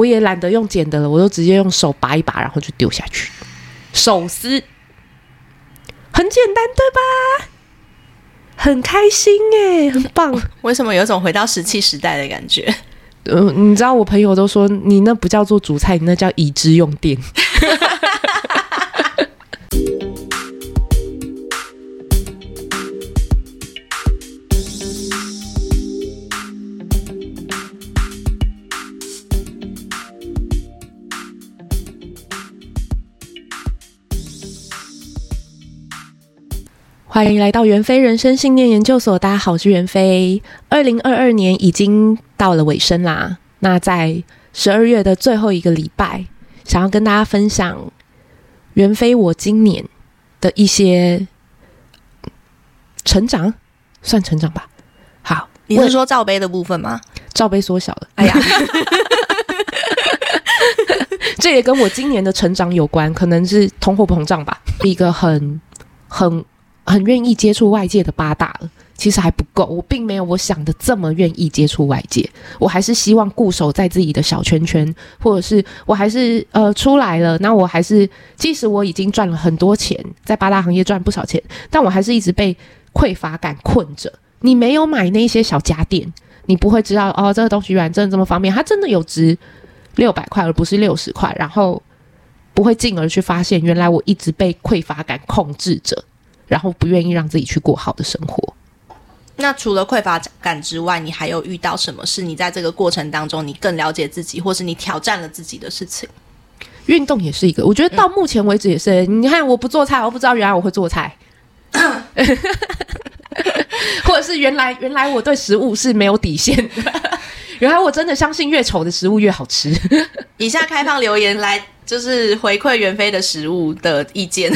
我也懶得用剪的了，我都直接用手拔一拔，然後就丟下去。手撕絲，很簡單對吧？很開心、欸、很棒！為什麼有種回到石器時代的感覺？嗯、 呃，你知道我朋友都說你那不叫做煮菜，你那叫已知用電。 歡迎來到袁非人生信念研究所。大家好，我是袁非。二零二二年已經到了尾聲啦。那在十二月的最後一個禮拜，想要跟大家分享袁非我今年的一些成長，算成長吧。好，你是說罩杯的部分嗎？罩杯縮小了。哎呀， 這也跟我今年的成長有關，可能是通貨膨脹吧。是一個很很。很願意接觸外界的八大了，其實還不夠。我並沒有我想的這麼願意接觸外界。我還是希望固守在自己的小圈圈，或者是我還是呃出來了。那我還是，即使我已經賺了很多錢，在八大行業賺不少錢，但我還是一直被匱乏感困着。你沒有買那些小家電，你不會知道哦，這個東西原來真的這麼方便，它真的有值六百塊，而不是六十塊。然後不會進而去發現，原來我一直被匱乏感控制着。然後不願意讓自己去過好的生活。那除了匱乏感之外，你還有遇到什麼事？你在這個過程當中，你更了解自己，或是你挑戰了自己的事情？運動也是一個，我覺得到目前為止也是。嗯、你看，我不做菜，我不知道原來我會做菜，嗯、 或者是原來原來我對食物是沒有底線的。 原來我真的相信越醜的食物越好吃。 以下開放留言來，就是回饋袁非的食物的意見。